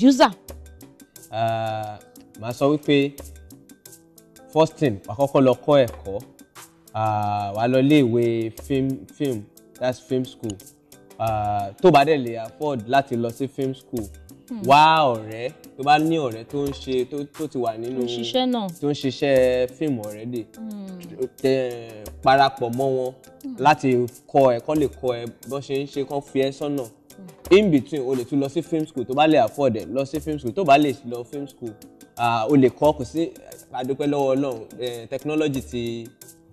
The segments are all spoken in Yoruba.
producer. Ah, màá sọ wípé first thing wàá kọ́kọ́ lọ kọ́ ẹ̀kọ́ ah, wàá lọ ilé film film that's film school ah, tó bá dẹ̀ lè afford láti lọ sí film school hmm. wá ọ̀rẹ́ tó bá ní ọ̀rẹ́ tó ń ṣe tó ti wà nínú tó ń ṣiṣẹ́ fíìmù already hmm. tẹ parapọ̀ mọ́ wọn hmm. láti kọ́ ẹ kọ́ lè kọ́ ẹ bó ṣe ń ṣe kọ́ fi ẹ́ sọ́nà in between o lè tún lọ sí film school tó bá lè afford it, lọ sí film school tó bá lè lọ film school o lè kọ́ kò sí àdúpẹ́ lọ́wọ́ ọlọ́run technology ti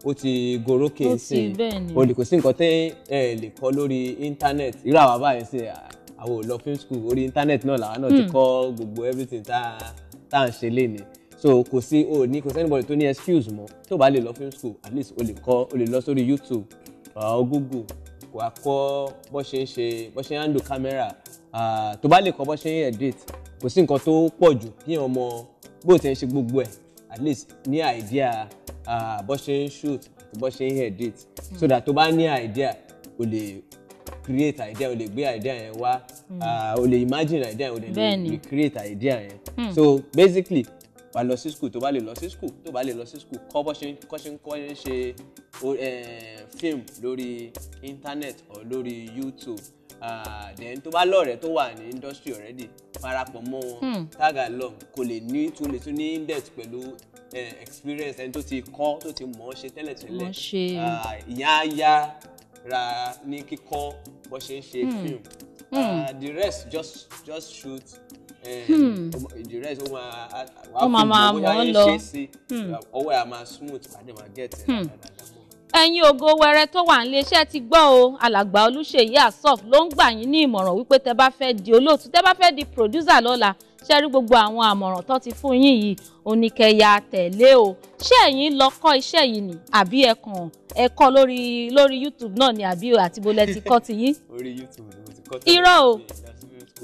ó ti gòrókè sí i o lè kò sí nǹkan tẹ́ ẹ lè kọ́ lórí internet irú àwa báyìí sí àwọn ò film school orí internet náà làwa náà ti hmm. kọ́ gbogbo everything tá a ń ṣe lénìí so kò sí o ní kò sí anybody tó ní excuse mọ́ tó bá lè lọ film school at least o lè kọ́ o lè lọ sórí YouTube or Google wàá kọ́ bó ṣe ń ṣe bó ṣe ń handle camera tó bá lè kọ́ bó ṣe ń edit kò sí nǹkan tó pọ̀ jù kí èèyàn mọ bó ti ń ṣe gbogbo ẹ̀ at least ní idea bó ṣe ń shoot àti bó ṣe ń edit so that tó bá ní idea o lè create idea o lè gbé idea yẹn wá hmm. o lè imagine idea yẹn o lè create idea yẹn hmm. so basically wà lọ sí skul tó bá lè lọ sí skul tó bá lè lọ sí skul kọ́ bọ́ ṣe kọ́ ṣe ń kọ́ ṣe ṣe film lórí internet or lórí youtube then tó bá lọ́ọ̀rẹ́ tó wà ní industry already parapọ̀ mọ́ wọn hmm. tag along kò lè ní tó lè tún ní in pẹ̀lú experience ẹni tó ti kọ́ tó ti mọ̀ ọ́ ṣe tẹ́lẹ̀ tẹ́lẹ̀ ìyá yá ra ní kíkọ́ bọ́ ṣe ń ṣe hmm. film. Hmm. Uh, the rest just just shoot eh, hmm. the rest ó máa wàá fún mi bóyá yẹn ṣe sí hmm. ọwọ́ ẹ̀ á máa smooth pàdé máa get ẹ̀ dáadáa ẹ̀yin ògo wẹrẹ tó wà nílé iṣẹ́ ti gbọ́ o alàgbà olúṣèyí asof ló ń gbà yín ní ìmọ̀ràn wípé tẹ bá fẹ́ di olóòtú tẹ bá fẹ́ di pòdúsà lọ́la ṣe rí gbogbo àwọn àmọ̀ràn tó ti fún yín yìí oníkẹyà tẹ̀lé o ṣé ẹ̀yin lọ kọ́ iṣẹ́ yìí ni àbí ẹ̀kàn ẹ̀kọ́ lórí lórí youtube náà ni àbí àtibólẹ̀ ti kọ́ ti yín. orí youtube ló irọ́ o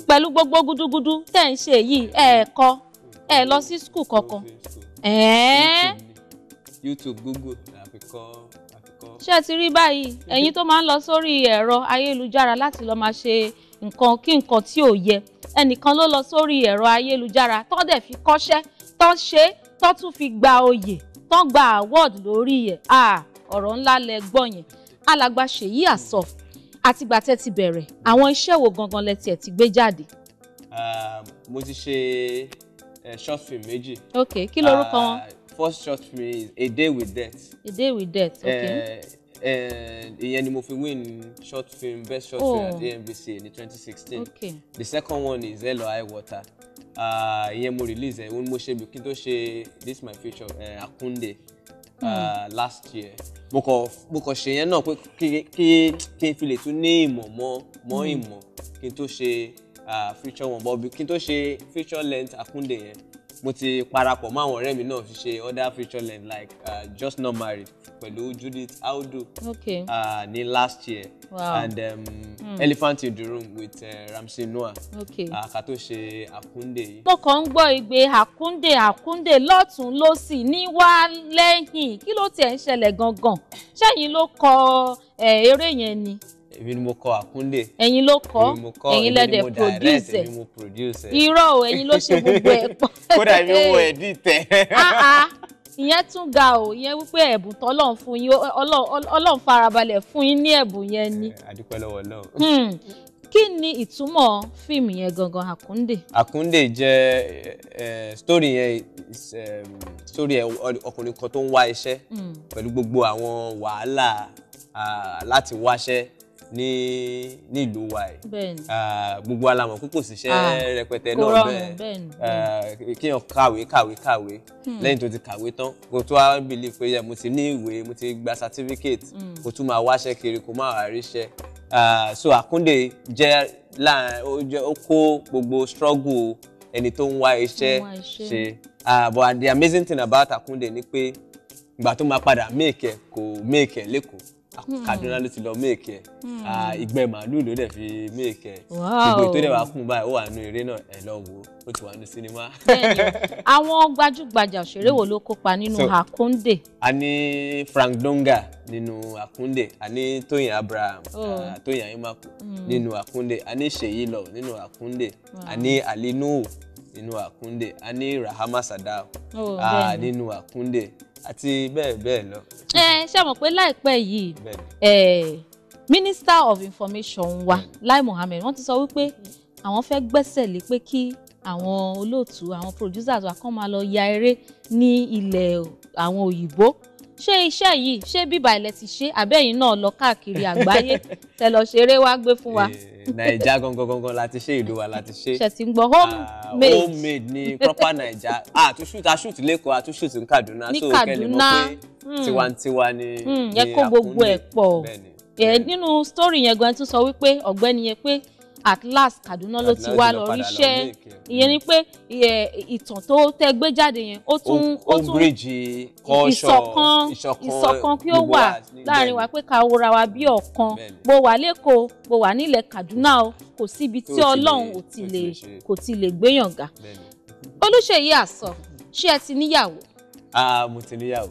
pẹ̀lú gbogbo gudugudu tẹ̀ ń ṣe yìí ẹ̀ẹ̀kọ́ ẹ̀ lọ sí skul kankan. YouTube Google àfi kọ́ àfi kọ́. ṣé ẹ ti rí báyìí ẹ̀yin tó máa ń lọ sórí ẹ̀rọ ayélujára láti lọ́ọ́ máa ṣe nǹkan kí nǹkan tí ò yẹ ẹnìkan ló lọ sórí ẹ̀rọ ayélujára tó dẹ̀ fi kọ́ṣẹ́ tó ṣe tó tún fi gba oyè tó gba award lórí ẹ̀ ọ̀rọ̀ ńlá lẹ gbọ́ yẹn alàgbà Ṣèyí Àsọ̀f àtìgbà tẹ́ ti bẹ̀rẹ̀ àwọn iṣẹ́ wo gangan lẹ tiẹ̀ ti gbé jáde. Um, mo ti ṣe short film méjì. ok kí lorúkọ wọn. Uh, first short film is a day with death. a day with death ok. Eh, ìyẹn ni mo fi win short film best short film at oh. AMVC ní twenty sixteen. ok the second one is hello high water ah, ìyẹn uh, mo release ẹ̀ mo ṣe bí kí n tó ṣe this my future uh, Akunde Ah, hmm. last year mo kàn mo kàn ṣe yẹn náà pé kí kí kí n fi lè tún ní ìmọ̀ mọ́ mọ́ hmm. ìmọ̀ kí n tó ṣe feature wọn bọ́ kí n tó ṣe feature length Àkúndé yẹn mo ti parapọ̀ mọ́ àwọn ọ̀rẹ́ mi náà fi ṣe other future length like uh, just not married pẹ̀lú Judith Audu okay. uh, ní last year wow. and um, mm. Elephant in the Room with uh, Ramsey Noah okay. uh, ká tó ṣe Àkúndé yìí. mo kàn ń gbọ́ igbe Àkúndé Àkúndé lọ́tún lọ́sì ní wá lẹ́yìn kí ló tiẹ̀ ń ṣẹlẹ̀ gangan ṣẹ́yìn ló kọ eré yẹn ni èmi ni mo kọ àkúndé. ẹ̀yin ló kọ ẹ̀yin mo produce èmi mo mo ẹ. irọ́ o ẹ̀yin ló ṣe gbogbo ẹ̀ pọ̀. kódà èmi mo edit ẹ ìyẹn tún ga o ìyẹn wípé ẹ̀bùn tọ́lọ́run fún yín ọlọ́run farabalẹ̀ fún yín ní ẹ̀bùn yẹn ni. àdúpẹ́ lọ́wọ́ ọlọ́run. Hmm. kí ni ìtumọ̀ fíìmù yẹn gangan Akunde àkúndè jẹ́ story yẹn story yẹn ọkùnrin kan tó ń wá iṣẹ́ hmm. pẹ̀lú gbogbo àwọn wàhálà láti wáṣẹ́ ní nílùú wa yìí gbogbo wa la mọ̀ pé kò síṣẹ́ rẹpẹtẹ náà bẹ́ẹ̀ kéèyàn kàwé kàwé kàwé hmm. lẹ́yìn tó ti kàwé tán kò tó wá bìlí pé yẹ mo ti ní ìwé mo ti gba certificate hmm. kò tún máa wáṣẹ́ kiri kò máa wá ríṣẹ́ so Àkúndé jẹ́ ó kó gbogbo struggle ẹni tó ń wá iṣẹ́ ṣe but the amazing thing about akunde ni pé ìgbà tó máa padà make ẹ̀ kò make ẹ̀ lẹ́kọ̀ọ́ Ah, Kaduna ló ti lọ méèkì ẹ hmm. ah, ìgbẹ́ màálù ló dẹ̀ fi méèkì ẹ gbogbo ètò ìdẹ̀wà kún báyìí ó wà nínú eré náà ẹ lọ wò ó ti wà nínú sinimá. àwọn gbajúgbajà òṣèré wo ló kópa nínú Akunde. a ní Frank Donga nínú Akunde a ní Tóyìn Abraham oh. ah, Tóyìn Ayimapo hmm. nínú Akunde a ní Seyi Law nínú Akunde a ní Ali Nuhu nínú Àkúndé a ní Rahama Sadau oh, nínú Àkúndé àti bẹ́ẹ̀ bẹ́ẹ̀ lọ. ẹ ṣe mọ̀ pé láìpẹ́ yìí minister of information wa Lai Mohammed wọ́n ti sọ wípé àwọn fẹ́ gbẹ́sẹ̀ lé pé kí àwọn olóòtú àwọn producers wa kàn máa lọ ya eré ní ilẹ̀ àwọn òyìnbó ṣé iṣẹ́ yìí ṣé bíbá ilẹ̀ ti ṣe àbẹ́yìn náà lọ káàkiri àgbáyé tẹ lọ ṣeré wá gbé fún wa. Eh, naija gangan gangan la ti ṣe ìlú wa la ti ṣe. ṣètì ń gbọ́ homemade. Ah, homemade ni proper naija àtúnṣùtà ṣùtù lẹ́kọ̀ọ́ àtúnṣùtù ní Kaduna. ní Kaduna hmm. tiwantiwa hmm, ni. yẹ kó gbogbo ẹ̀ eh, nínú story yẹn gan tún sọ wípé ọ̀gbẹ́ni yẹn pé at last Kaduna ló ti wá lọ ríṣẹ́ ìyẹn ni mm. pé ìtàn tó tẹ gbé jáde yẹn ó tún ó tún ìṣọ̀kan ìṣọ̀kan kí ó wà láàrin wa pé ká wora wa bí ọ̀kan bó wà lẹ́kọ̀ọ́ bó wà nílẹ̀ Kaduna o kò síbi tí Ọlọ́run ò ti lè kò ti lè gbéyàn ga Olúṣèyí Àsọ̀ ṣé ẹ ti níyàwó. Ah, mo ti níyàwó.